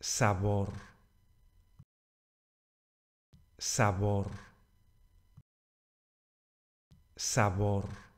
sabor, sabor, sabor.